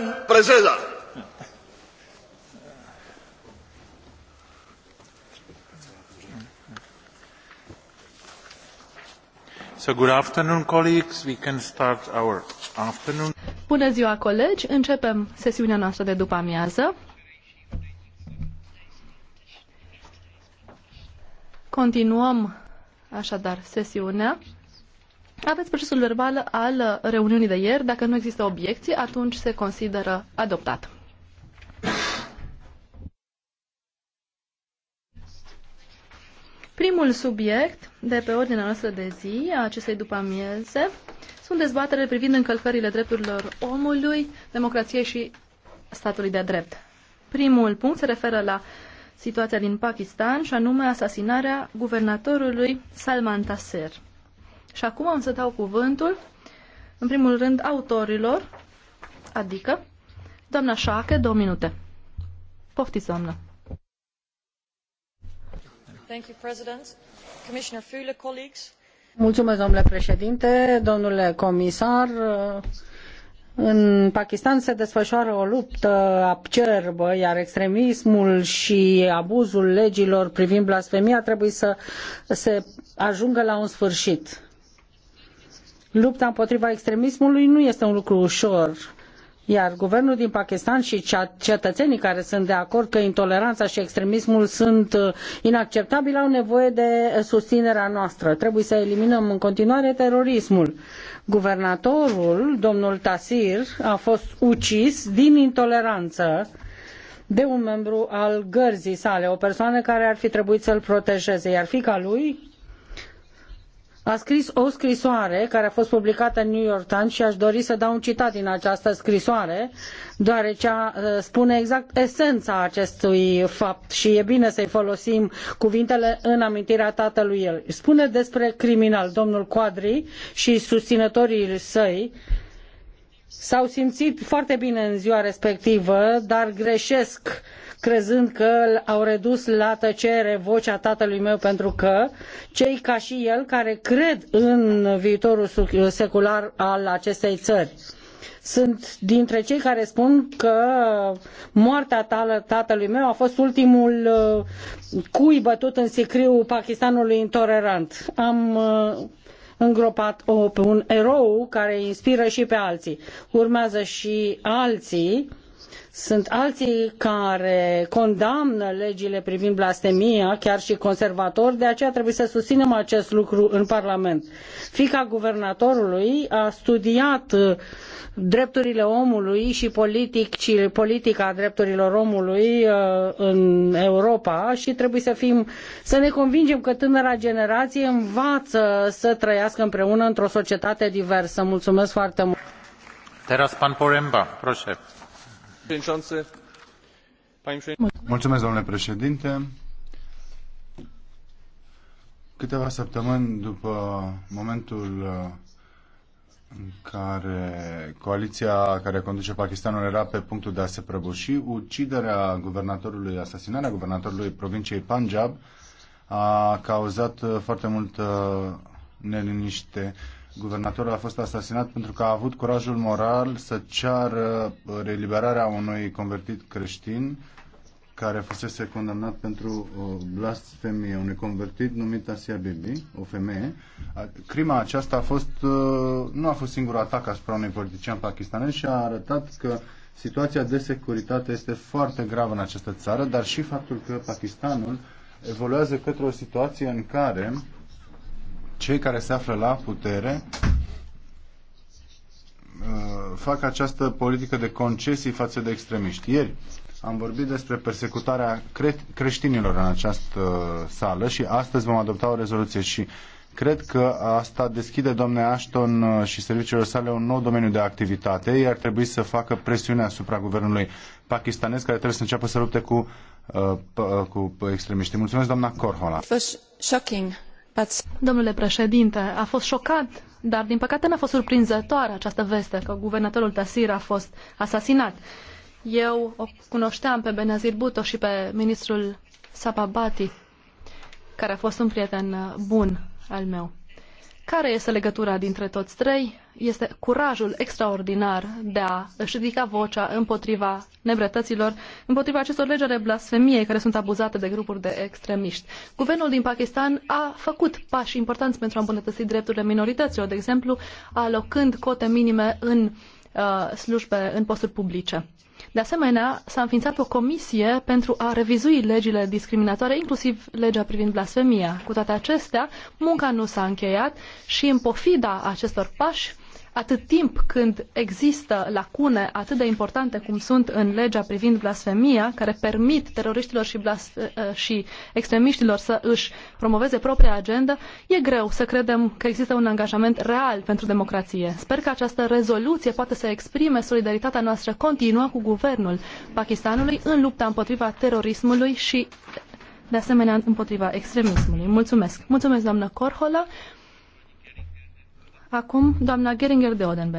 Pan prezesa. So good afternoon, colleagues. We can start our afternoon. Bună ziua, colegi. Începem sesiunea noastră de după amiază. Continuăm așadar sesiunea. Aveți procesul verbal al reuniunii de ieri. Dacă nu există obiecții, atunci se consideră adoptat. Primul subiect de pe ordinea noastră de zi a acestei după amieze sunt dezbaterele privind încălcările drepturilor omului, democrației și statului de drept. Primul punct se referă la situația din Pakistan și anume asasinarea guvernatorului Salman Taseer. Și acum am să dau cuvântul, în primul rând, autorilor, adică doamna Șache, două minute. Poftiți, doamnă. Thank you, President. Commissioner Fule, colleagues. Mulțumesc, domnule președinte, domnule comisar. În Pakistan se desfășoară o luptă acerbă, iar extremismul și abuzul legilor privind blasfemia trebuie să se ajungă la un sfârșit Lupta împotriva extremismului nu este un lucru ușor, iar guvernul din Pakistan și cetățenii care sunt de acord că intoleranța și extremismul sunt uh, inacceptabili au nevoie de susținerea noastră. Trebuie să eliminăm în continuare terorismul. Guvernatorul, domnul Tasir, a fost ucis din intoleranță de un membru al gărzii sale, o persoană care ar fi trebuit să-l protejeze, iar fica lui a scris o scrisoare care a fost publicată în New York Times și aș dori să dau un citat din această scrisoare, deoarece ă, spune exact esența acestui fapt și e bine să-i folosim cuvintele în amintirea tatălui el. Spune despre criminal, domnul Quadri și susținătorii săi, s-au simțit foarte bine în ziua respectivă, dar greșesc uh, crezând că au redus la tăcere vocea tatălui meu pentru că cei ca și el care cred în viitorul secular al acestei țări sunt dintre cei care spun că moartea tatălui meu a fost ultimul uh, cui bătut în sicriu Pakistanului intolerant. Am uh, îngropat o, un erou care inspiră și pe alții. Urmează și alții sunt alții care condamnă legile privind blasfemia, chiar și conservatori, de aceea trebuie să susținem acest lucru în Parlament. Fica guvernatorului a studiat uh, drepturile omului și politic, politica drepturilor omului uh, în Europa și trebuie să, fim, să ne convingem că tânăra generație învață să trăiască împreună într-o societate diversă. Mulțumesc foarte mult! Teraz pan Poremba, proszę. Mulțumesc, domnule președinte. Câteva săptămâni după momentul uh, în care coaliția care conduce Pakistanul era pe punctul de a se prăbuși, uciderea guvernatorului, asasinarea guvernatorului provinciei Punjab a cauzat uh, foarte multă neliniște guvernatorul a fost asasinat pentru că a avut curajul moral să ceară uh, eliberarea unui convertit creștin care fusese condamnat pentru uh, blasfemie unui convertit numit Asia Bibi, o femeie. Crima aceasta a fost, uh, nu a fost singur atac asupra unui politician pakistanez și a arătat că situația de securitate este foarte gravă în această țară, dar și faptul că Pakistanul evoluează către o situație în care uh, cei care se află la putere uh, fac această politică de concesii față de extremiști. Ieri am vorbit despre persecutarea cre- creștinilor în această sală și astăzi vom adopta o rezoluție și cred că asta deschide domnule Ashton uh, și serviciilor sale un nou domeniu de activitate. Ei ar trebui să facă presiune asupra guvernului pakistanez care trebuie să înceapă să lupte cu, uh, uh cu extremiștii. Mulțumesc, doamna Corhola. Domnule președinte, a fost șocat, dar din păcate n-a fost surprinzătoare această veste că guvernatorul Tasir a fost asasinat. Eu o cunoșteam pe Benazir Bhutto și pe ministrul Sababati, care a fost un prieten bun al meu. Care este legătura dintre toți trei? Este curajul extraordinar de a își ridica vocea împotriva nebretăților, împotriva acestor legi ale care sunt abuzate de grupuri de extremiști. Guvernul din Pakistan a făcut pași importanți pentru a îmbunătăți drepturile minorităților, de exemplu, alocând cote minime în uh, slujbe, în posturi publice. De asemenea, s-a înființat o comisie pentru a revizui legile discriminatoare, inclusiv legea privind blasfemia. Cu toate acestea, munca nu s-a încheiat și în pofida acestor pași, atât timp când există lacune atât de importante cum sunt în legea privind blasfemia, care permit teroriștilor și, blas- uh, uh, și extremiștilor să își promoveze propria agendă, e greu să credem că există un angajament real pentru democrație. Sper că această rezoluție poate să exprime solidaritatea noastră continuă cu guvernul Pakistanului în lupta împotriva terorismului și de asemenea împotriva extremismului. Mulțumesc. Mulțumesc, doamnă Corhola. Acum, Geringer de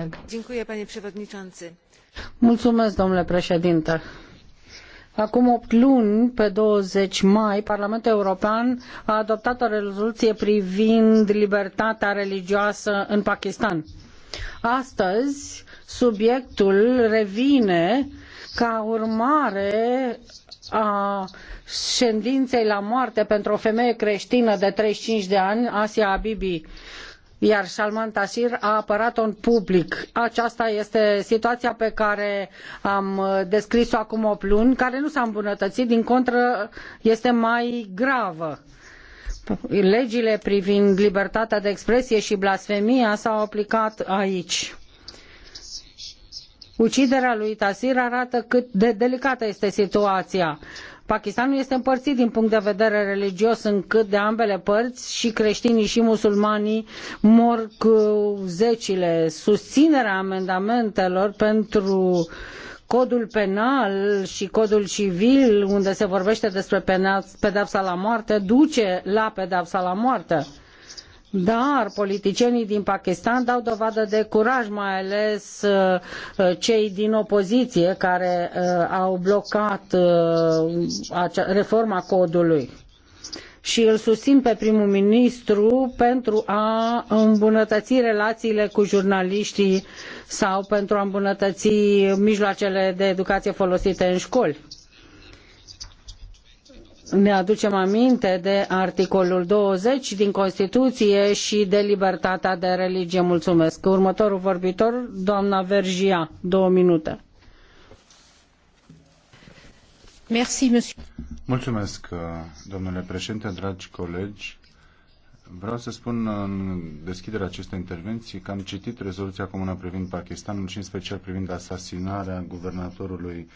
Mulțumesc, domnule președinte. Acum opt luni, pe 20 mai, Parlamentul European a adoptat o rezoluție privind libertatea religioasă în Pakistan. Astăzi, subiectul revine ca urmare a sentinței la moarte pentru o femeie creștină de 35 de ani, Asia Bibi iar Salman Taseer a apărat-o în public. Aceasta este situația pe care am uh, descris-o acum o luni, care nu s-a îmbunătățit, din contră este mai gravă legile privind libertatea de expresie și blasfemia s-au aplicat aici. Uciderea lui Tasir arată cât de delicată este situația. Pakistanul este împărțit din punct de vedere religios încât de ambele părți și creștinii și musulmanii mor cu zecile. Susținerea amendamentelor pentru codul penal și codul civil, unde se vorbește despre pedapsa la moarte, duce la pedapsa la moarte. Dar politicienii din Pakistan dau dovadă de curaj, mai ales uh, cei din opoziție care uh, au blocat uh, reforma codului și îl susțin pe primul ministru pentru a îmbunătăți relațiile cu jurnaliștii sau pentru a îmbunătăți mijloacele de educație folosite în școli ne aducem aminte de articolul 20 din Constituție și de libertatea de religie. Mulțumesc. Următorul vorbitor, doamna Vergia, două minute. Merci, Mulțumesc, domnule președinte, dragi colegi. Vreau să spun în deschiderea acestei intervenții că am citit rezoluția comună privind Pakistanul și în special privind asasinarea guvernatorului uh,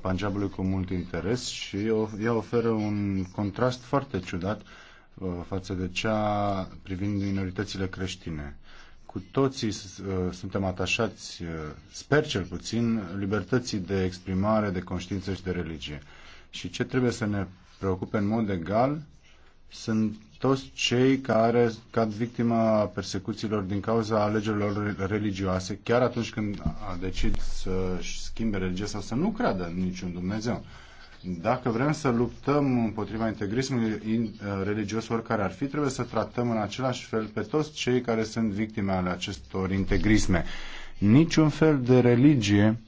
Punjabului cu mult interes și ea oferă un contrast foarte ciudat uh, față de cea privind minoritățile creștine. Cu toții uh, suntem atașați, uh, sper cel puțin, libertății de exprimare, de conștiință și de religie. Și ce trebuie să ne preocupe în mod egal sunt toți cei care cad victima persecuțiilor din cauza alegerilor religioase, chiar atunci când a decid să schimbe religia sau să nu creadă în niciun Dumnezeu. Dacă vrem să luptăm împotriva integrismului uh, religios, oricare ar fi, trebuie să tratăm în același fel pe toți cei care sunt victime ale acestor integrisme. Niciun fel de religie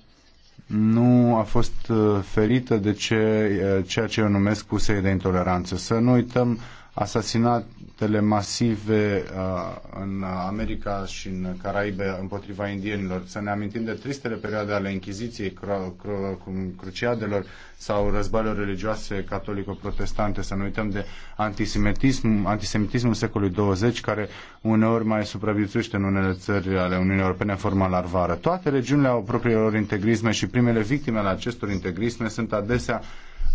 nu a fost uh, ferită de ce, uh, ceea ce eu numesc cuse de intoleranță. Să nu uităm asasinatele masive uh, în America și în Caraibe împotriva indienilor, să ne amintim de tristele perioade ale Inchiziției, cru, cru, cruciadelor sau războiilor religioase catolico-protestante, să nu uităm de antisemitism, antisemitismul secolului 20, care uneori mai supraviețuiește în unele țări ale Uniunii Europene în forma larvară. Toate regiunile au propriilor integrisme și primele victime ale acestor integrisme sunt adesea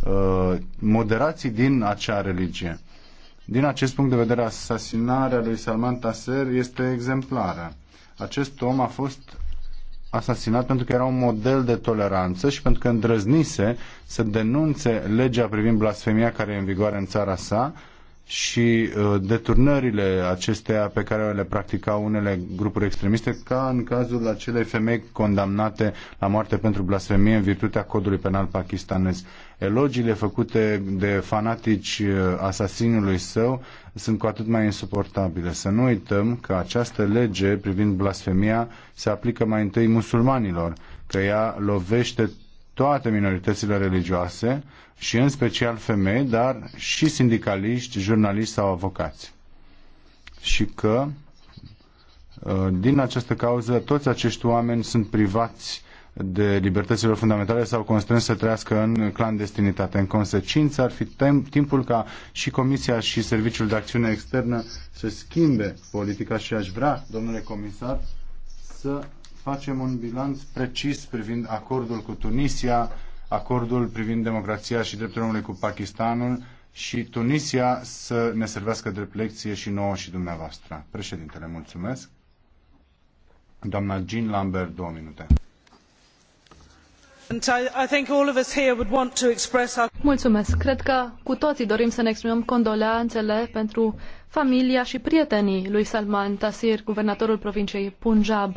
uh, moderații din acea religie. Din acest punct de vedere, asasinarea lui Salman Taser este exemplară. Acest om a fost asasinat pentru că era un model de toleranță și pentru că îndrăznise să denunțe legea privind blasfemia care e în vigoare în țara sa și uh, deturnările acestea pe care le practicau unele grupuri extremiste, ca în cazul acelei femei condamnate la moarte pentru blasfemie în virtutea codului penal pakistanez. Elogiile făcute de fanatici uh, asasinului său sunt cu atât mai insuportabile. Să nu uităm că această lege privind blasfemia se aplică mai întâi musulmanilor, că ea lovește toate minoritățile religioase și în special femei, dar și sindicaliști, jurnaliști sau avocați. Și că uh, din această cauză toți acești oameni sunt privați de libertățile fundamentale sau constrâns să trăiască în clandestinitate. În consecință, ar fi timpul ca și Comisia și Serviciul de Acțiune Externă să schimbe politica și aș vrea, domnule comisar, să facem un bilanț precis privind acordul cu Tunisia, acordul privind democrația și drepturile omului cu Pakistanul și Tunisia să ne servească drept lecție și nouă și dumneavoastră. Președintele, mulțumesc. Doamna Jean Lambert, două minute. Mulțumesc. Cred că cu toții dorim să ne exprimăm condoleanțele pentru familia și prietenii lui Salman Tasir, guvernatorul provinciei Punjab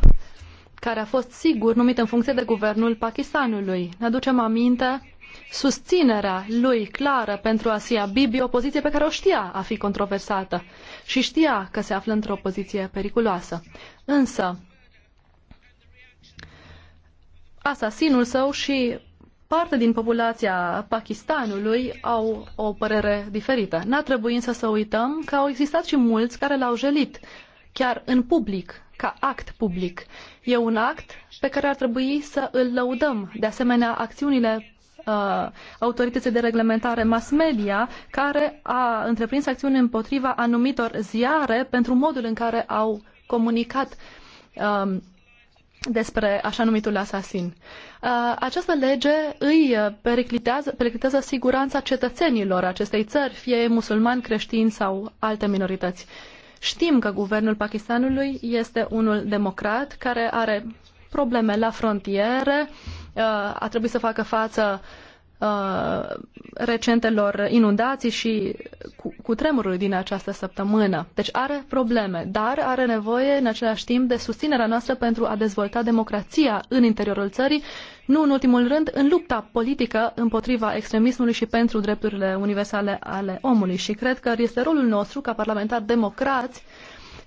care a fost sigur numit în funcție de guvernul Pakistanului. Ne aducem aminte susținerea lui clară pentru Asia Bibi, o poziție pe care o știa a fi controversată și știa că se află într-o poziție periculoasă. Însă, asasinul său și parte din populația Pakistanului au o părere diferită. N-a trebuit însă să uităm că au existat și mulți care l-au jelit, chiar în public, ca act public. E un act pe care ar trebui să îl lăudăm. De asemenea, acțiunile uh, autorității de reglementare mass media care a întreprins acțiuni împotriva anumitor ziare pentru modul în care au comunicat um, uh, despre așa numitul asasin. Uh, această lege îi periclitează, periclitează siguranța cetățenilor acestei țări, fie musulmani, creștini sau alte minorități. Uh, Știm că guvernul Pakistanului este unul democrat care are probleme la frontiere, uh, a trebuit să facă față uh, Uh, recentelor inundații și cu, cu tremurului din această săptămână. Deci are probleme, dar are nevoie în același timp de susținerea noastră pentru a dezvolta democrația în interiorul țării, nu în ultimul rând în lupta politică împotriva extremismului și pentru drepturile universale ale omului. Și cred că este rolul nostru ca parlamentar democrați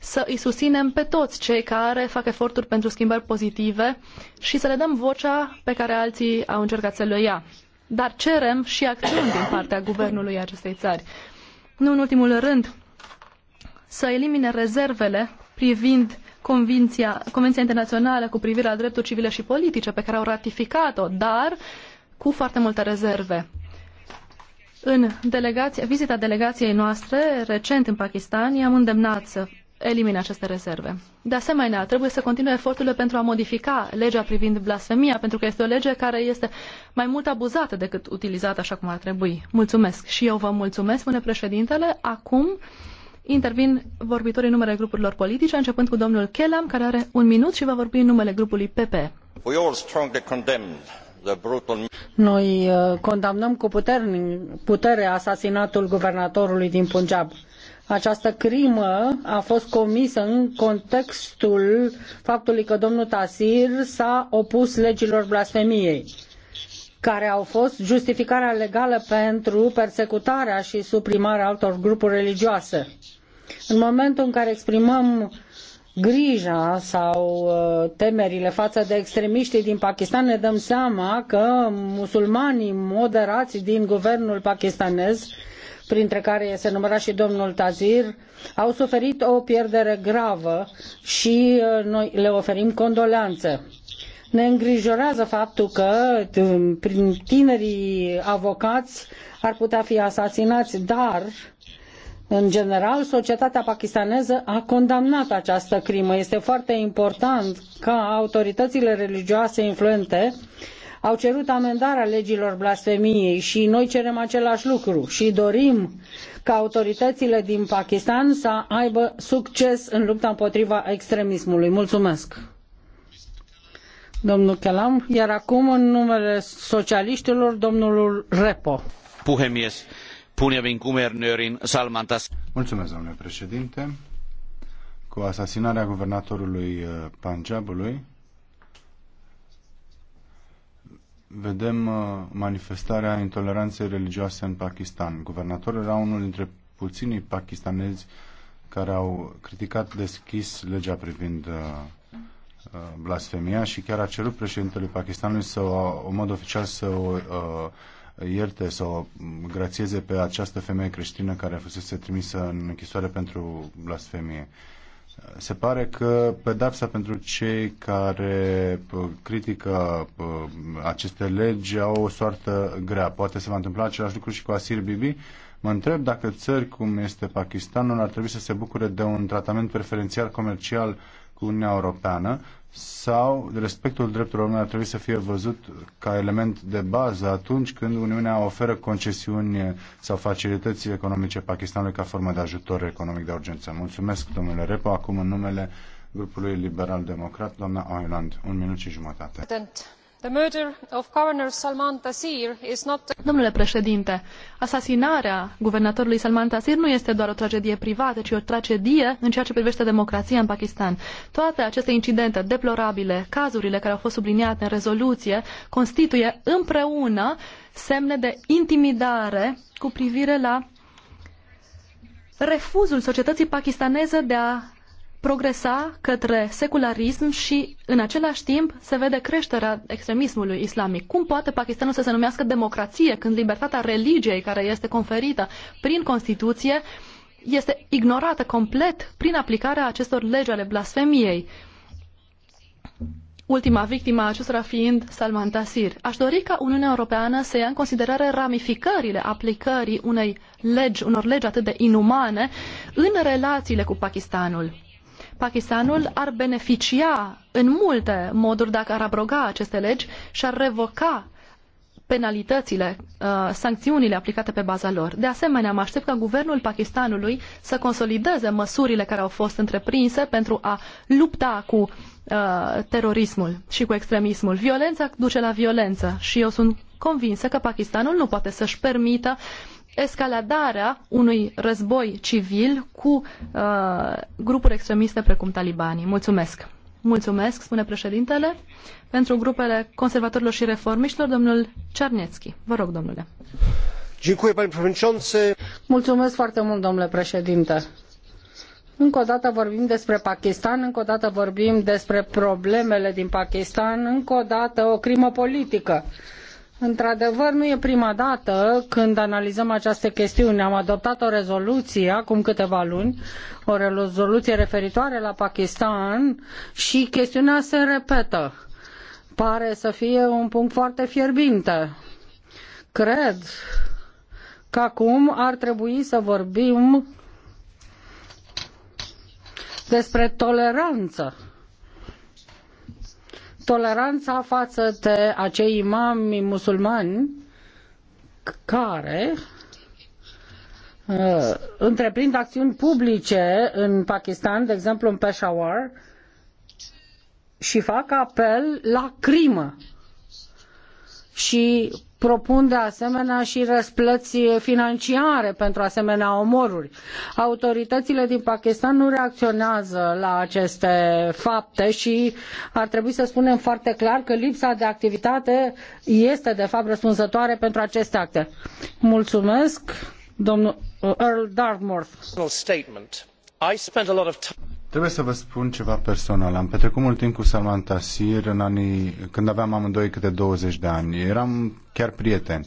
să îi susținem pe toți cei care fac eforturi pentru schimbări pozitive și să le dăm vocea pe care alții au încercat să le ia dar cerem și acțiuni din partea guvernului acestei țări. Nu în ultimul rând, să elimine rezervele privind Convenția, Convenția Internațională cu privire la drepturi civile și politice pe care au ratificat-o, dar cu foarte multe rezerve. În delegația, vizita delegației noastre recent în Pakistan, i-am îndemnat să elimine aceste rezerve. De asemenea, trebuie să continue eforturile pentru a modifica legea privind blasfemia, pentru că este o lege care este mai mult abuzată decât utilizată așa cum ar trebui. Mulțumesc. Și eu vă mulțumesc, spune președintele. Acum intervin vorbitorii numele grupurilor politice, începând cu domnul Kellam, care are un minut și va vorbi în numele grupului PP. Noi uh, condamnăm cu putere, putere asasinatul guvernatorului din Punjab această crimă a fost comisă în contextul faptului că domnul Tasir s-a opus legilor blasfemiei care au fost justificarea legală pentru persecutarea și suprimarea altor grupuri religioase. În momentul în care exprimăm grija sau uh, temerile față de extremiștii din Pakistan, ne dăm seama că musulmanii moderați din guvernul pakistanez printre care se număra și domnul Tazir, au suferit o pierdere gravă și uh, noi le oferim condoleanțe. Ne îngrijorează faptul că um, prin tinerii avocați ar putea fi asasinați, dar în general, societatea pakistaneză a condamnat această crimă. Este foarte important ca autoritățile religioase influente au cerut amendarea legilor blasfemiei și noi cerem același lucru și dorim ca autoritățile din Pakistan să aibă succes în lupta împotriva extremismului. Mulțumesc! Domnul Kelam, iar acum în numele socialiștilor, domnul Repo. Puhemies, punevin guvernörin Salmantas. Mulțumesc, domnule președinte. Cu asasinarea guvernatorului eh, Punjabului, vedem uh, manifestarea intoleranței religioase în Pakistan. Guvernatorul era unul dintre puținii pakistanezi care au criticat deschis legea privind uh, uh, blasfemia și chiar a cerut președintelui Pakistanului să o, în mod oficial să o ierte, să o grațieze pe această femeie creștină care fusese trimisă în închisoare pentru blasfemie se pare că pedapsa pentru cei care critică aceste legi au o soartă grea. Poate se va întâmpla același lucru și cu Asir Bibi. Mă întreb dacă țări cum este Pakistanul ar trebui să se bucure de un tratament preferențial comercial cu Uniunea Europeană sau respectul drepturilor omului ar trebui să fie văzut ca element de bază atunci când Uniunea oferă concesiuni sau facilități economice Pakistanului ca formă de ajutor economic de urgență. Mulțumesc, domnule Repo. Acum, în numele grupului liberal-democrat, doamna Oiland, un minut și jumătate. Atent. Domnule președinte, asasinarea guvernatorului Salman Taseer nu este doar o tragedie privată, ci o tragedie în ceea ce privește democrația în Pakistan. Toate aceste incidente deplorabile, cazurile care au fost subliniate în rezoluție, constituie împreună semne de intimidare cu privire la refuzul societății pakistaneze de a progresa către secularism și în același timp se vede creșterea extremismului islamic. Cum poate Pakistanul să se numească democrație când libertatea religiei care este conferită prin Constituție este ignorată complet prin aplicarea acestor legi ale blasfemiei? ultima victimă a acestora fiind Salman Tasir. Aș dori ca Uniunea Europeană să ia în considerare ramificările aplicării unei legi, unor legi atât de inumane în relațiile cu Pakistanul. Pakistanul ar beneficia în multe moduri dacă ar abroga aceste legi și ar revoca penalitățile, uh, sancțiunile aplicate pe baza lor. De asemenea, mă aștept ca guvernul Pakistanului să consolideze măsurile care au fost întreprinse pentru a lupta cu uh, terorismul și cu extremismul. Violența duce la violență și eu sunt convinsă că Pakistanul nu poate să-și permită escaladarea unui război civil cu uh, grupuri extremiste precum talibanii. Mulțumesc! Mulțumesc, spune președintele, pentru grupele conservatorilor și reformiștilor, domnul Cernețchi. Vă rog, domnule. Mulțumesc foarte mult, domnule președinte. Încă o dată vorbim despre Pakistan, încă o dată vorbim despre problemele din Pakistan, încă o dată o crimă politică Într-adevăr, nu e prima dată când analizăm această chestiune. Am adoptat o rezoluție acum câteva luni, o rezoluție referitoare la Pakistan și chestiunea se repetă. Pare să fie un punct foarte fierbinte. Cred că acum ar trebui să vorbim despre toleranță toleranța față de acei imami musulmani care uh, întreprind acțiuni publice în Pakistan, de exemplu în Peshawar, și fac apel la crimă și propun de asemenea și răsplăți financiare pentru asemenea omoruri. Autoritățile din Pakistan nu reacționează la aceste fapte și ar trebui să spunem foarte clar că lipsa de activitate este de fapt răspunzătoare pentru aceste acte. Mulțumesc, domnul Earl Dartmouth. Trebuie să vă spun ceva personal. Am petrecut mult timp cu Salman Tasir în anii, când aveam amândoi câte 20 de ani. Eram chiar prieteni.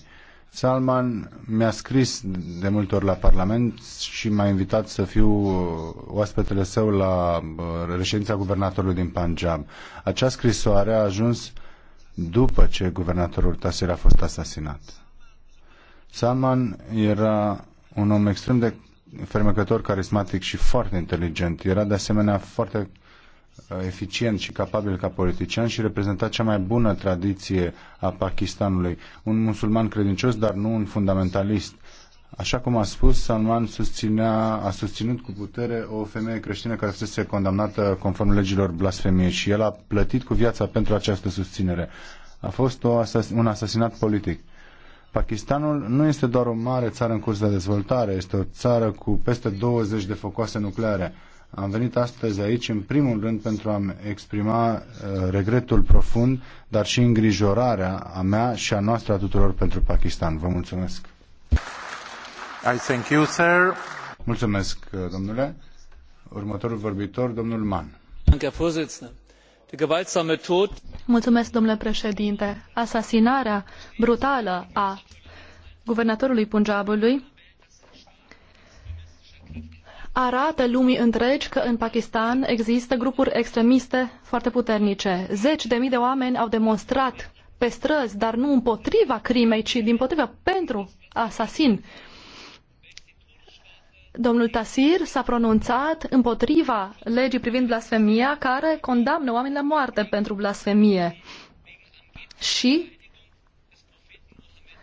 Salman mi-a scris de multe ori la Parlament și m-a invitat să fiu oaspetele său la uh, reședința guvernatorului din Punjab. Acea scrisoare a ajuns după ce guvernatorul Tasir a fost asasinat. Salman era un om extrem de fermecător carismatic și foarte inteligent. Era de asemenea foarte uh, eficient și capabil ca politician și reprezenta cea mai bună tradiție a Pakistanului. Un musulman credincios, dar nu un fundamentalist. Așa cum a spus, Salman susținea, a susținut cu putere o femeie creștină care fusese condamnată conform legilor blasfemiei și el a plătit cu viața pentru această susținere. A fost o, un asasinat politic. Pakistanul nu este doar o mare țară în curs de dezvoltare, este o țară cu peste 20 de focoase nucleare. Am venit astăzi aici, în primul rând, pentru a-mi exprima uh, regretul profund, dar și îngrijorarea a mea și a noastră a tuturor pentru Pakistan. Vă mulțumesc! I thank you, sir. Mulțumesc, uh, domnule. Următorul vorbitor, domnul Mann. Mulțumesc, domnule președinte. Asasinarea brutală a guvernatorului Punjabului arată lumii întregi că în Pakistan există grupuri extremiste foarte puternice. Zeci de mii de oameni au demonstrat pe străzi, dar nu împotriva crimei, ci din pentru asasin. Domnul Tasir s-a pronunțat împotriva legii privind blasfemia care condamnă oameni la moarte pentru blasfemie. Și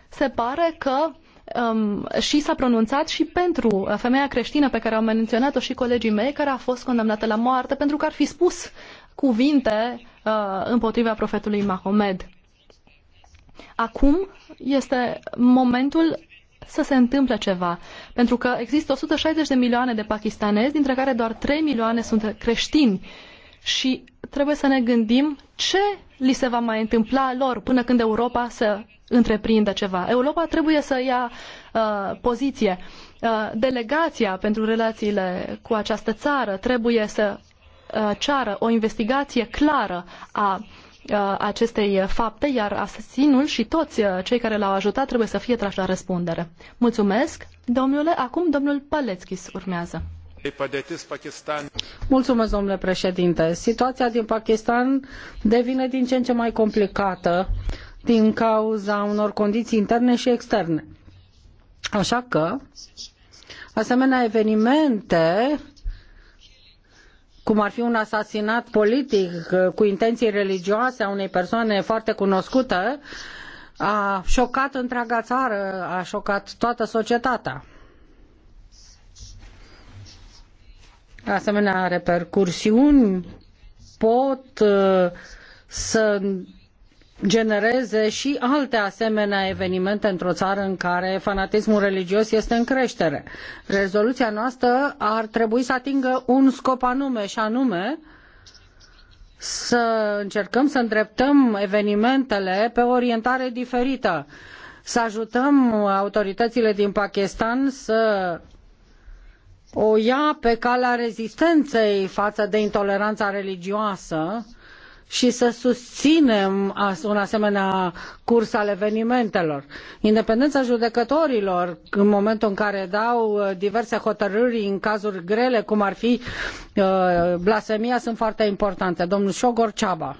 se pare că um, și s-a pronunțat și pentru uh, femeia creștină pe care au menționat-o și colegii mei, care a fost condamnată la moarte pentru că ar fi spus cuvinte uh, împotriva profetului Mahomed. Acum este momentul să se întâmple ceva. Pentru că există 160 de milioane de pakistanezi, dintre care doar 3 milioane sunt creștini. Și trebuie să ne gândim ce li se va mai întâmpla lor până când Europa să întreprindă ceva. Europa trebuie să ia uh, poziție. Uh, delegația pentru relațiile cu această țară trebuie să uh, ceară o investigație clară a uh, Uh, acestei fapte, iar asasinul și toți uh, cei care l-au ajutat trebuie să fie trași la răspundere. Mulțumesc, domnule. Acum domnul Palețchis urmează. Mulțumesc, domnule președinte. Situația din Pakistan devine din ce în ce mai complicată din cauza unor condiții interne și externe. Așa că, asemenea evenimente cum ar fi un asasinat politic cu intenții religioase a unei persoane foarte cunoscute, a șocat întreaga țară, a șocat toată societatea. Asemenea, repercursiuni pot uh, să genereze și alte asemenea evenimente într-o țară în care fanatismul religios este în creștere. Rezoluția noastră ar trebui să atingă un scop anume și anume să încercăm să îndreptăm evenimentele pe o orientare diferită, să ajutăm autoritățile din Pakistan să o ia pe calea rezistenței față de intoleranța religioasă, și să susținem un asemenea curs al evenimentelor. Independența judecătorilor în momentul în care dau uh, diverse hotărâri în cazuri grele, cum ar fi uh, blasfemia, sunt foarte importante. Domnul Șogor Ceaba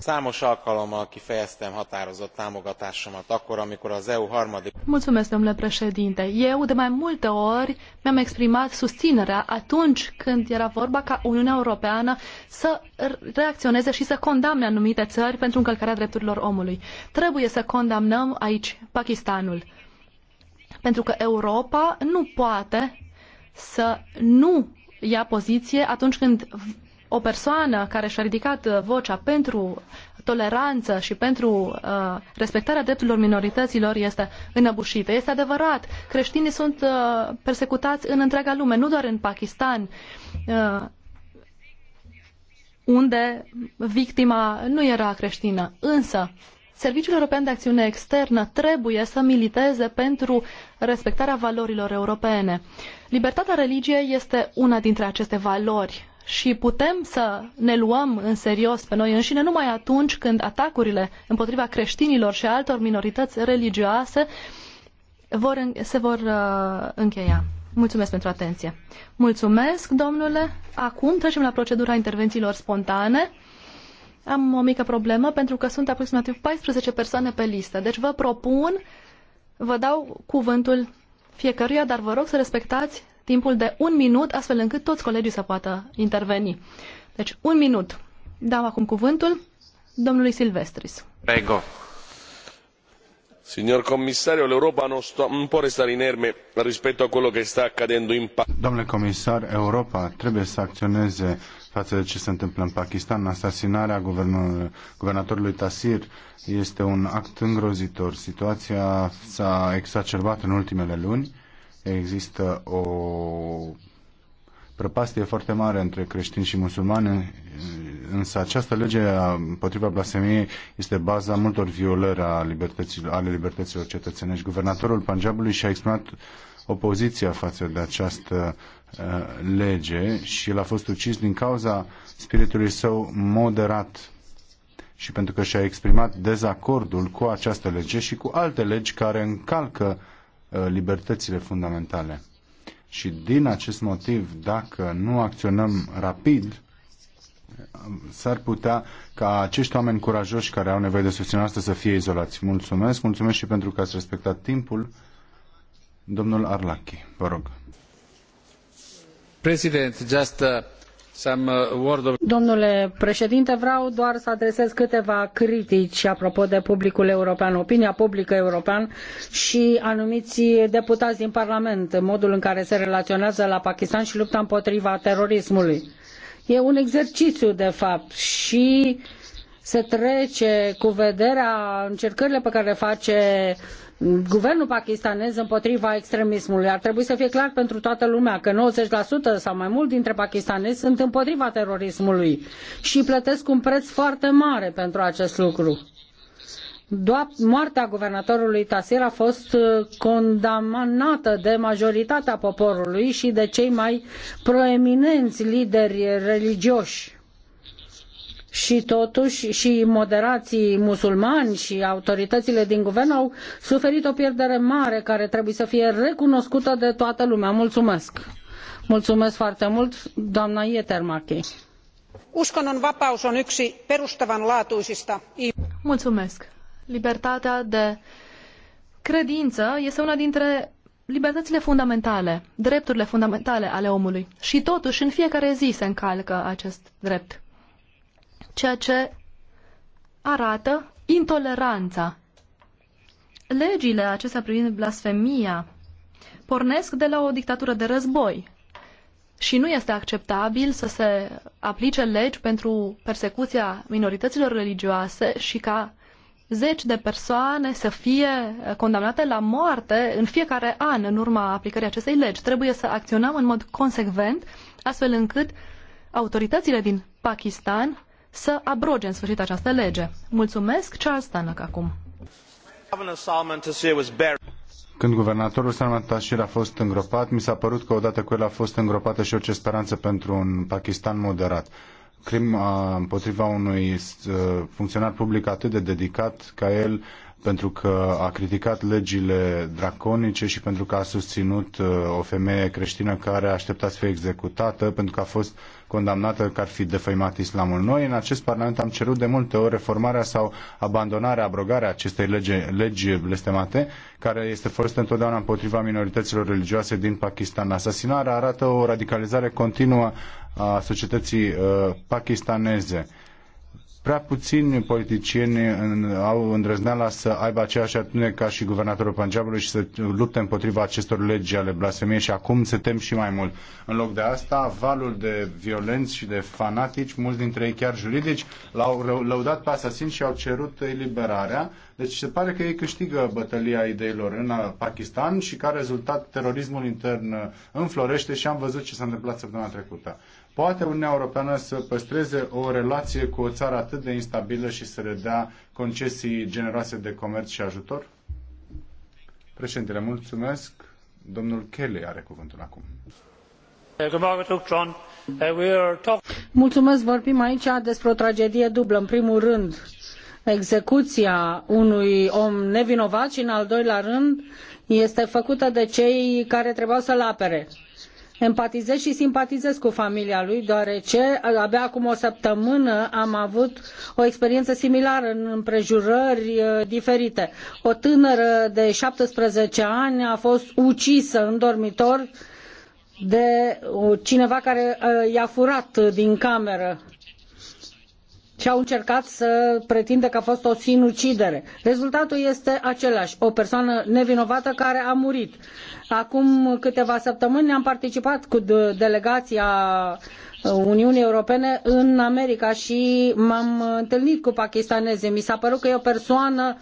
számos alkalommal kifejeztem határozott támogatásomat akkor amikor az eu harmadik. Mulțumesc, domnule președinte. Eu de mai multe ori mi-am exprimat susținerea atunci când era vorba ca Uniunea Europeană să reacționeze și să condamne anumite țări pentru încălcarea drepturilor omului. Trebuie să condamnăm aici Pakistanul. Pentru că Europa nu poate să nu ia poziție atunci când o persoană care și-a ridicat uh, vocea pentru toleranță și pentru uh, respectarea drepturilor minorităților este înăbușită. Este adevărat, creștinii sunt uh, persecutați în întreaga lume, nu doar în Pakistan. Uh, unde victima nu era creștină. Însă, Serviciul European de Acțiune Externă trebuie să militeze pentru respectarea valorilor europene. Libertatea religiei este una dintre aceste valori și putem să ne luăm în serios pe noi înșine numai atunci când atacurile împotriva creștinilor și altor minorități religioase vor, se vor uh, încheia. Mulțumesc pentru atenție. Mulțumesc, domnule. Acum trecem la procedura intervențiilor spontane. Am o mică problemă pentru că sunt aproximativ 14 persoane pe listă. Deci vă propun, vă dau cuvântul fiecăruia, dar vă rog să respectați timpul de un minut, astfel încât toți colegii să poată interveni. Deci, un minut. Dau acum cuvântul domnului Silvestris. Prego. Signor Commissario, l'Europa non, sto, non può restare inerme rispetto a quello che sta accadendo in Pakistan. Domnule comisar, Europa trebuie să acționeze față de ce se întâmplă în Pakistan. Asasinarea guvernatorului Tasir este un act îngrozitor. Situația s-a exacerbat în ultimele luni există o prăpastie foarte mare între creștini și musulmani, însă această lege împotriva blasfemiei este baza multor violări ale libertăților cetățenești. Guvernatorul Punjabului și-a exprimat opoziția față de această uh, lege și el a fost ucis din cauza spiritului său moderat și pentru că și-a exprimat dezacordul cu această lege și cu alte legi care încalcă Uh, libertățile fundamentale. Și din acest motiv, dacă nu acționăm rapid, um, s-ar putea ca acești oameni curajoși care au nevoie de susținere asta să fie izolați. Mulțumesc, mulțumesc și pentru că ați respectat timpul. Domnul Arlachi, vă rog. President, just uh, Uh, Domnule președinte, vreau doar să adresez câteva critici apropo de publicul european, opinia publică european și anumiți deputați din Parlament, modul în care se relaționează la Pakistan și lupta împotriva terorismului. E un exercițiu, de fapt, și uh, se trece cu vederea încercările pe care le face guvernul pakistanez împotriva extremismului. Ar trebui să fie clar pentru toată lumea că 90% sau mai mult dintre pakistanezi sunt împotriva terorismului și plătesc un preț foarte mare pentru acest lucru. Doar moartea guvernatorului Tasir a fost uh, condamnată de majoritatea poporului și de cei mai proeminenți lideri religioși și totuși și moderații musulmani și autoritățile din guvern au suferit o pierdere mare care trebuie să fie recunoscută de toată lumea. Mulțumesc! Mulțumesc foarte mult, doamna Ietermache. Uskonnon vapaus on yksi perustavanlaatuisista. Mulțumesc. Libertatea de credință este una dintre libertățile fundamentale, drepturile fundamentale ale omului. Și totuși, în fiecare zi se încalcă acest drept ceea ce arată intoleranța. Legile acestea privind blasfemia pornesc de la o dictatură de război și nu este acceptabil să se aplice legi pentru persecuția minorităților religioase și ca zeci de persoane să fie condamnate la moarte în fiecare an în urma aplicării acestei legi. Trebuie să acționăm în mod consecvent, astfel încât autoritățile din Pakistan să abroge în sfârșit această lege. Mulțumesc, Charles Tannock acum. Când guvernatorul Salman Tashir a fost îngropat, mi s-a părut că odată cu el a fost îngropată și orice speranță pentru un Pakistan moderat. Crima uh, împotriva unui uh, funcționar public atât de dedicat ca el pentru că a criticat legile draconice și pentru că a susținut uh, o femeie creștină care aștepta să fie executată pentru că a fost condamnată că ar fi defăimat islamul. Noi în acest parlament am cerut de multe ori reformarea sau abandonarea, abrogarea acestei lege, legi blestemate care este folosită întotdeauna împotriva minorităților religioase din Pakistan. Asasinarea arată o radicalizare continuă a societății uh, pakistaneze prea puțini politicieni în, au îndrăzneala să aibă aceeași atitudine ca și guvernatorul Punjabului și să lupte împotriva acestor legi ale blasfemiei și acum se tem și mai mult. În loc de asta, valul de violenți și de fanatici, mulți dintre ei chiar juridici, l-au lăudat pe asasin și au cerut eliberarea. Deci se pare că ei câștigă bătălia ideilor în Pakistan și ca rezultat terorismul intern înflorește și am văzut ce s-a întâmplat săptămâna trecută poate Uniunea Europeană să păstreze o relație cu o țară atât de instabilă și să le dea concesii generoase de comerț și ajutor? Președintele, mulțumesc. Domnul Kelly are cuvântul acum. Mulțumesc, vorbim aici despre o tragedie dublă. În primul rând, execuția unui om nevinovat și în al doilea rând este făcută de cei care trebuiau să-l apere Empatizez și simpatizez cu familia lui, deoarece uh, abia acum o săptămână am avut o experiență similară în împrejurări uh, diferite. O tânără de 17 ani a fost ucisă în dormitor de uh, cineva care i-a furat din cameră și au încercat să pretindă că a fost o sinucidere. Rezultatul este același, o persoană nevinovată care a murit. Acum câteva săptămâni am participat cu delegația Uniunii Europene în America și m-am întâlnit cu pakistaneze. Mi s-a părut că e o persoană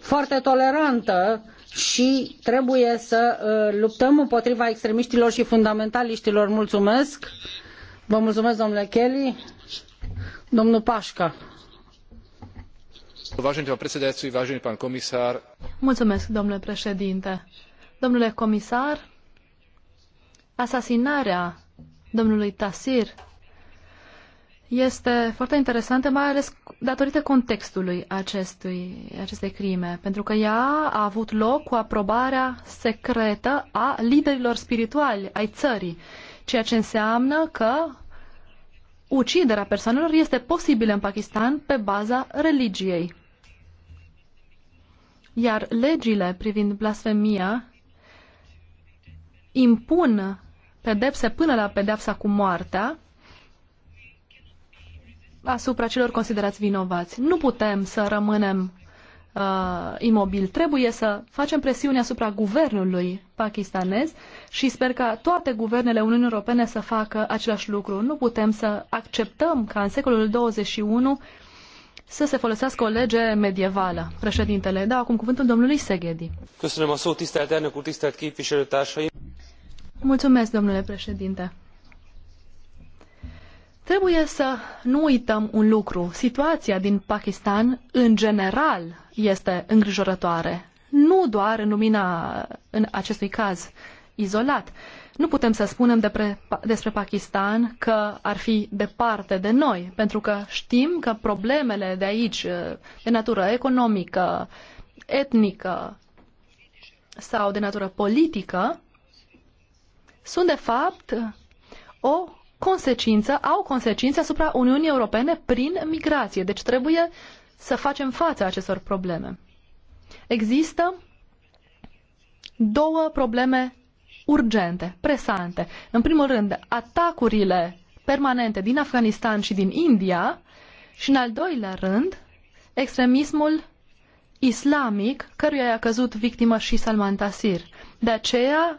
foarte tolerantă și trebuie să uh, luptăm împotriva extremiștilor și fundamentaliștilor. Mulțumesc! Vă mulțumesc, domnule Kelly! Mulțumesc, domnule președinte. Domnule comisar, asasinarea domnului Tasir este foarte interesantă, mai ales datorită contextului acestui, acestei crime, pentru că ea a avut loc cu aprobarea secretă a liderilor spirituali ai țării, ceea ce înseamnă că uciderea persoanelor este posibilă în Pakistan pe baza religiei. Iar legile privind blasfemia impun pedepse până la pedepsa cu moartea asupra celor considerați vinovați. Nu putem să rămânem uh, imobil. Trebuie să facem presiune asupra guvernului pakistanez și sper ca toate guvernele Uniunii Europene să facă același lucru. Nu putem să acceptăm ca în secolul 21 să se folosească o lege medievală. Președintele, da, acum cuvântul domnului Seghedi. Mulțumesc, domnule președinte. Trebuie să nu uităm un lucru. Situația din Pakistan, în general, este îngrijorătoare. Nu doar în lumina în acestui caz izolat. Nu putem să spunem despre, despre Pakistan că ar fi departe de noi, pentru că știm că problemele de aici, de natură economică, etnică sau de natură politică, sunt de fapt o consecință, au consecințe asupra Uniunii Europene prin migrație. Deci trebuie să facem față acestor probleme. Există două probleme urgente, presante. În primul rând, atacurile permanente din Afganistan și din India și, în al doilea rând, extremismul islamic, căruia i-a căzut victimă și Salman Tasir. De aceea,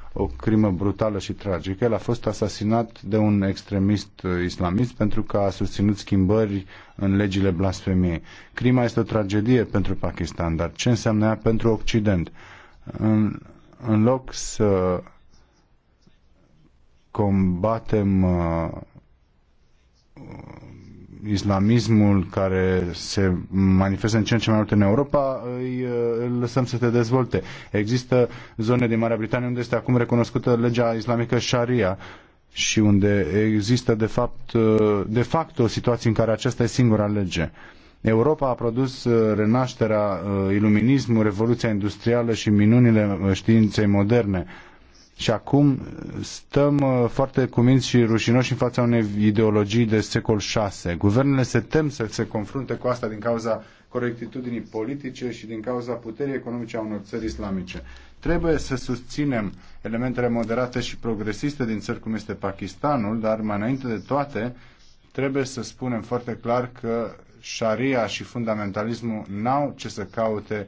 o crimă brutală și tragică. El a fost asasinat de un extremist uh, islamist pentru că a susținut schimbări în legile blasfemiei. Crima este o tragedie pentru Pakistan, dar ce înseamnă ea pentru Occident? În, în loc să combatem uh, islamismul care se manifestă în ce în ce mai mult în Europa, îi, uh, îl lăsăm să se dezvolte. Există zone din Marea Britanie unde este acum recunoscută legea islamică Sharia și unde există de fapt uh, de fapt o situație în care aceasta e singura lege. Europa a produs uh, renașterea, iluminismul, revoluția industrială și minunile științei moderne și acum stăm uh, foarte cuminți și rușinoși în fața unei ideologii de secol 6. Guvernele se tem să se confrunte cu asta din cauza corectitudinii politice și din cauza puterii economice a unor țări islamice. Trebuie să susținem elementele moderate și progresiste din țări cum este Pakistanul, dar mai înainte de toate trebuie să spunem foarte clar că șaria și fundamentalismul n-au ce să caute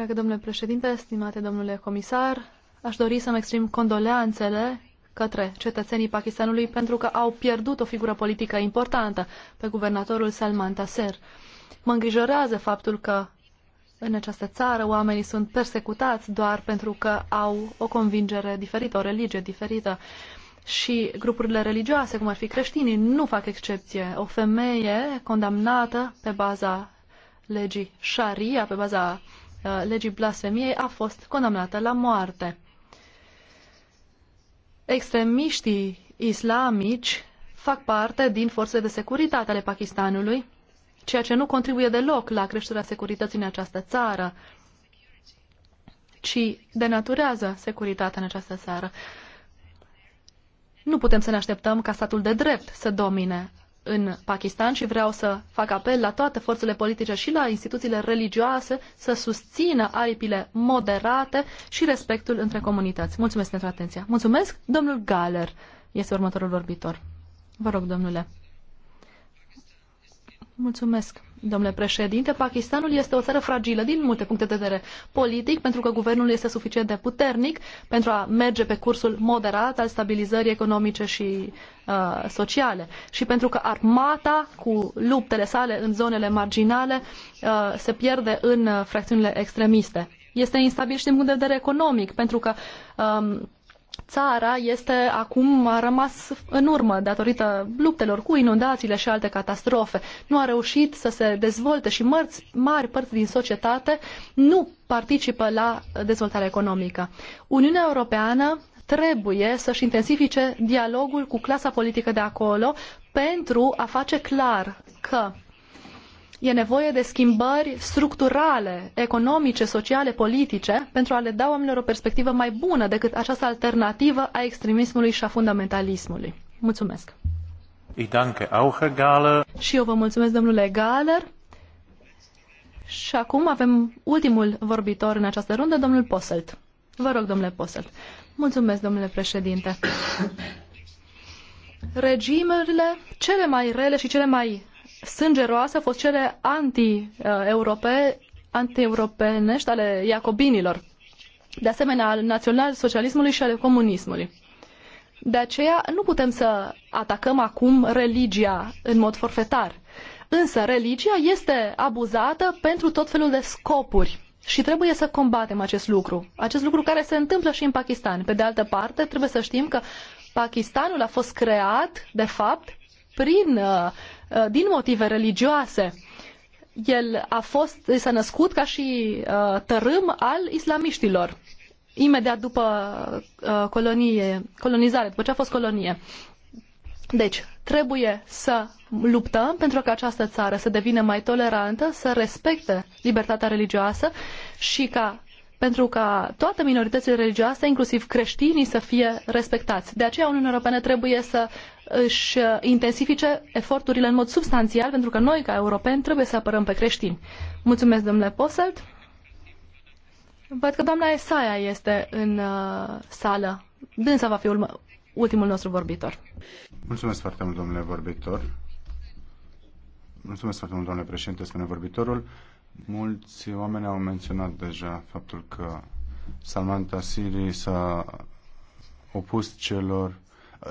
Dragă domnule președinte, stimate domnule comisar, aș dori să-mi exprim condoleanțele către cetățenii Pakistanului pentru că au pierdut o figură politică importantă pe guvernatorul Salman Taseer. Mă îngrijorează faptul că în această țară oamenii sunt persecutați doar pentru că au o convingere diferită, o religie diferită. Și grupurile religioase, cum ar fi creștinii, nu fac excepție. O femeie condamnată pe baza legii Sharia, pe baza Uh, legii blasfemiei a fost condamnată la moarte. Extremiștii islamici fac parte din forțele de securitate ale Pakistanului, ceea ce nu contribuie deloc la creșterea securității în această țară, ci denaturează securitatea în această țară. Nu putem să ne așteptăm ca statul de drept să domine în Pakistan și vreau să fac apel la toate forțele politice și la instituțiile religioase să susțină aripile moderate și respectul între comunități. Mulțumesc pentru atenția. Mulțumesc, domnul Galer este următorul vorbitor. Vă rog, domnule. Mulțumesc, domnule președinte. Pakistanul este o țară fragilă din multe puncte de vedere politic, pentru că guvernul este suficient de puternic pentru a merge pe cursul moderat al stabilizării economice și uh, sociale. Și pentru că armata, cu luptele sale în zonele marginale, uh, se pierde în uh, fracțiunile extremiste. Este instabil și din punct de vedere economic, pentru că um, țara este acum a rămas în urmă datorită luptelor cu inundațiile și alte catastrofe. Nu a reușit să se dezvolte și mărți, mari părți din societate nu participă la dezvoltarea economică. Uniunea Europeană trebuie să-și intensifice dialogul cu clasa politică de acolo pentru a face clar că E nevoie de schimbări structurale, economice, sociale, politice, pentru a le da oamenilor o perspectivă mai bună decât această alternativă a extremismului și a fundamentalismului. Mulțumesc! Ich danke auch, Herr Și eu vă mulțumesc, domnule Galer. Și acum avem ultimul vorbitor în această rundă, domnul Poselt. Vă rog, domnule Poselt. Mulțumesc, domnule președinte. Regimurile cele mai rele și cele mai sângeroase au fost cele anti-europe, anti-europenești ale iacobinilor, de asemenea al național-socialismului și ale comunismului. De aceea nu putem să atacăm acum religia în mod forfetar. Însă religia este abuzată pentru tot felul de scopuri și trebuie să combatem acest lucru. Acest lucru care se întâmplă și în Pakistan. Pe de altă parte, trebuie să știm că Pakistanul a fost creat, de fapt, prin, uh, uh, din motive religioase. El a fost, s-a născut ca și uh, tărâm al islamiștilor, imediat după colonie, colonizare, după ce a fost colonie. Deci, trebuie să luptăm pentru ca această țară să devină mai tolerantă, să respecte libertatea religioasă și ca pentru ca toate minoritățile religioase, inclusiv creștinii, să fie respectați. De aceea Uniunea Europeană trebuie să își uh, intensifice eforturile în mod substanțial, pentru că noi, ca europeni, trebuie să apărăm pe creștini. Mulțumesc, domnule Poselt. Văd că doamna Esaia este în uh, sală. Dânsa va fi urmă, ultimul nostru vorbitor. Mulțumesc foarte mult, domnule vorbitor. Mulțumesc foarte mult, domnule președinte, spune vorbitorul. Mulți oameni au menționat deja faptul că Salman Tasiri s-a opus celor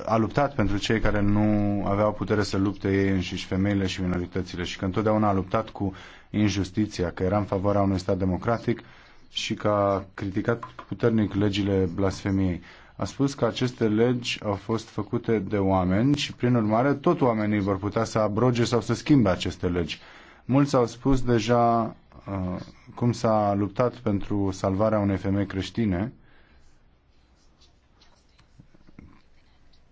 a luptat pentru cei care nu aveau putere să lupte ei înșiși, femeile și minoritățile și că întotdeauna a luptat cu injustiția, că era în favoarea unui stat democratic și că a criticat puternic legile blasfemiei. A spus că aceste legi au fost făcute de oameni și, prin urmare, tot oamenii vor putea să abroge sau să schimbe aceste legi. Mulți au spus deja uh, cum s-a luptat pentru salvarea unei femei creștine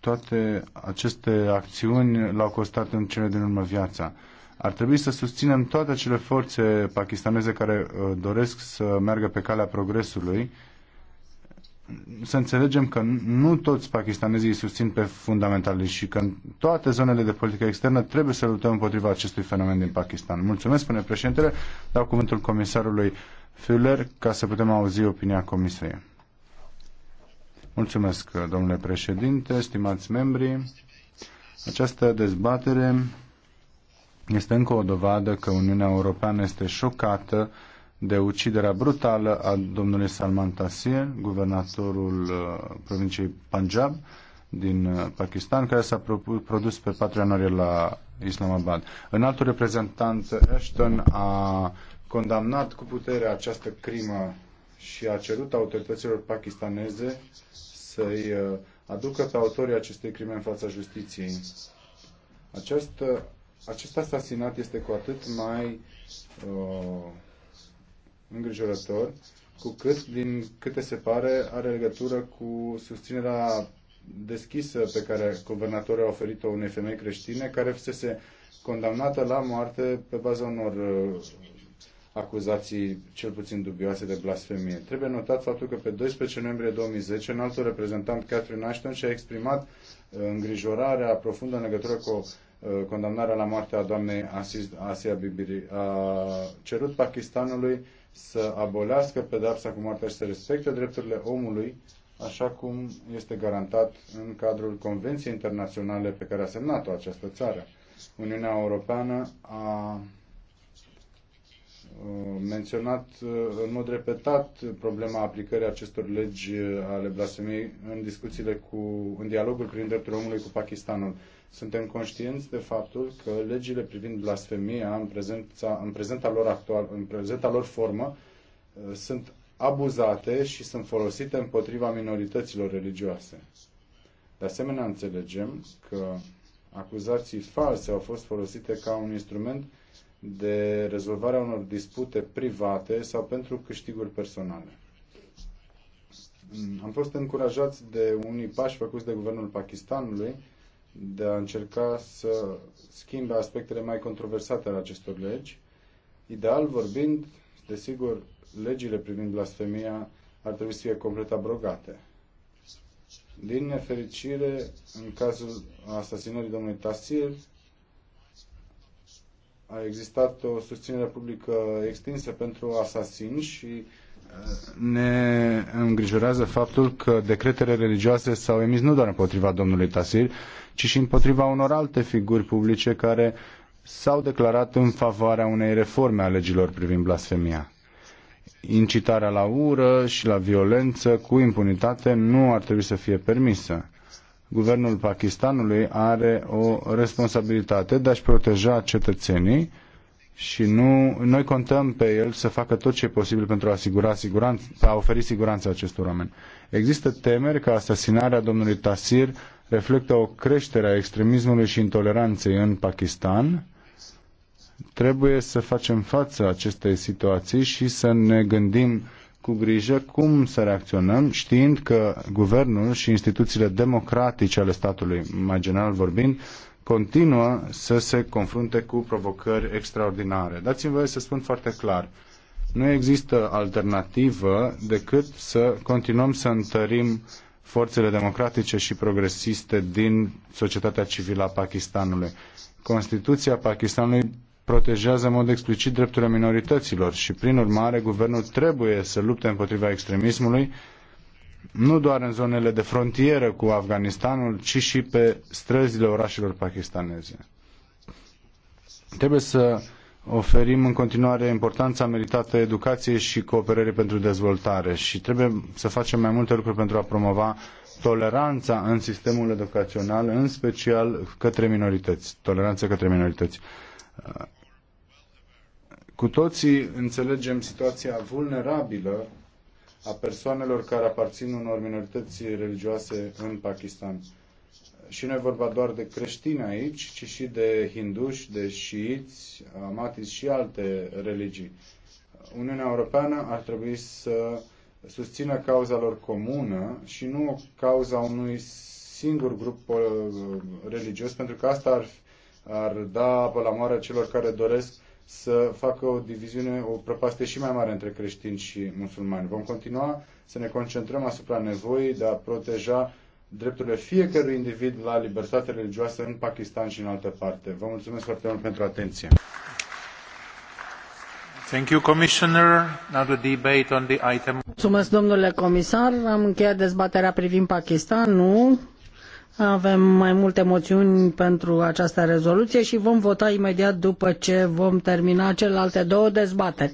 toate aceste acțiuni l-au costat în cele din urmă viața. Ar trebui să susținem toate acele forțe pakistaneze care uh, doresc să meargă pe calea progresului. Să înțelegem că nu toți pakistanezii îi susțin pe fundamentaliști și că în toate zonele de politică externă trebuie să luptăm împotriva acestui fenomen din Pakistan. Mulțumesc, spune președintele. Dau cuvântul comisarului Fuller ca să putem auzi opinia comisiei. Mulțumesc, domnule președinte, stimați membri. Această dezbatere este încă o dovadă că Uniunea Europeană este șocată de uciderea brutală a domnului Salman Taseer, guvernatorul uh, provinciei Punjab din uh, Pakistan, care s-a produs pe 4 ianuarie la Islamabad. În altul reprezentant Ashton a condamnat cu putere această crimă și a cerut autorităților pakistaneze să-i uh, aducă pe autorii acestei crime în fața justiției. Acest, acest asasinat este cu atât mai uh, îngrijorător cu cât, din câte se pare, are legătură cu susținerea deschisă pe care guvernatorul a oferit-o unei femei creștine care fusese condamnată la moarte pe baza unor uh, acuzații cel puțin dubioase de blasfemie. Trebuie notat faptul că pe 12 noiembrie 2010 un altul reprezentant, Catherine Ashton, și-a exprimat uh, îngrijorarea profundă în legătură cu uh, condamnarea la moarte a doamnei Asia Bibiri. A cerut Pakistanului să abolească pedapsa cu moartea și să respecte drepturile omului, așa cum este garantat în cadrul Convenției Internaționale pe care a semnat-o această țară. Uniunea Europeană a Uh, menționat uh, în mod repetat problema aplicării acestor legi uh, ale blasfemiei în discuțiile cu, în dialogul privind dreptul omului cu Pakistanul. Suntem conștienți de faptul că legile privind blasfemia în, prezența, în prezenta lor actual, în prezenta lor formă, sunt abuzate și sunt folosite împotriva minorităților religioase. De asemenea, înțelegem că acuzații false au fost folosite ca un instrument de rezolvarea unor dispute private sau pentru câștiguri personale. Am fost încurajați de unii pași făcuți de guvernul Pakistanului de a încerca să schimbe aspectele mai controversate ale acestor legi. Ideal vorbind, desigur, legile privind blasfemia ar trebui să fie complet abrogate. Din nefericire, în cazul asasinării domnului Tasir, a existat o susținere publică extinsă pentru asasini și uh, ne îngrijorează faptul că decretele religioase s-au emis nu doar împotriva domnului Tasir, ci și împotriva unor alte figuri publice care s-au declarat în favoarea unei reforme a legilor privind blasfemia. Incitarea la ură și la violență cu impunitate nu ar trebui să fie permisă guvernul Pakistanului are o responsabilitate de a-și proteja cetățenii și nu, noi contăm pe el să facă tot ce e posibil pentru a, asigura siguranță, a oferi siguranță acestor oameni. Există temeri că asasinarea domnului Tasir reflectă o creștere a extremismului și intoleranței în Pakistan. Trebuie să facem față acestei situații și să ne gândim cu grijă cum să reacționăm, știind că guvernul și instituțiile democratice ale statului, mai general vorbind, continuă să se confrunte cu provocări extraordinare. Dați-mi voie să spun foarte clar. Nu există alternativă decât să continuăm să întărim forțele democratice și progresiste din societatea civilă a Pakistanului. Constituția Pakistanului protejează în mod explicit drepturile minorităților și, prin urmare, guvernul trebuie să lupte împotriva extremismului, nu doar în zonele de frontieră cu Afganistanul, ci și pe străzile orașelor pakistaneze. Trebuie să oferim în continuare importanța meritată educației și cooperării pentru dezvoltare și trebuie să facem mai multe lucruri pentru a promova toleranța în sistemul educațional, în special către minorități, toleranță către minorități. Cu toții înțelegem situația vulnerabilă a persoanelor care aparțin unor minorități religioase în Pakistan. Și nu e vorba doar de creștini aici, ci și de hinduși, de șiiți, amatiți și alte religii. Uniunea Europeană ar trebui să susțină cauza lor comună și nu cauza unui singur grup religios, pentru că asta ar, ar da apă la moare celor care doresc să facă o diviziune, o prăpastie și mai mare între creștini și musulmani. Vom continua să ne concentrăm asupra nevoii de a proteja drepturile fiecărui individ la libertate religioasă în Pakistan și în altă parte. Vă mulțumesc foarte mult pentru atenție. Thank you, Commissioner. Now the debate on the item. Mulțumesc, domnule comisar. Am încheiat dezbaterea privind Pakistanul. Avem mai multe moțiuni pentru această rezoluție și vom vota imediat după ce vom termina celelalte două dezbateri.